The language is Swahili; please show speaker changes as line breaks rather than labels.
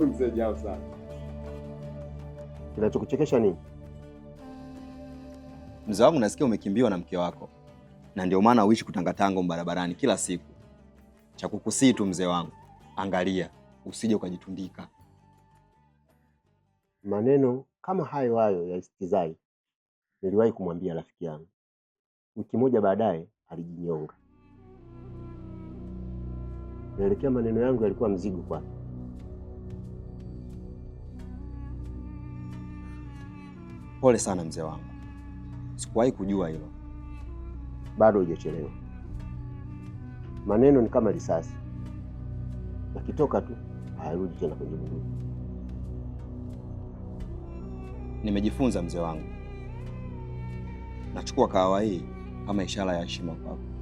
mzee jao sana.
Kinachokuchekesha nini? Mzee wangu, nasikia umekimbiwa na mke wako, na ndio maana uishi kutangatanga barabarani kila siku. Cha kukusii tu mzee wangu, angalia usije ukajitundika maneno kama hayo hayo ya istizai niliwahi kumwambia rafiki yangu. Wiki moja baadaye alijinyonga. Naelekea maneno yangu yalikuwa mzigo kwake. Pole sana mzee wangu, sikuwahi kujua hilo. Bado hujachelewa. Maneno ni kama risasi, yakitoka tu hayarudi tena kwenye bunduki. Nimejifunza mzee wangu. Nachukua kahawa hii kama ishara ya heshima kwako.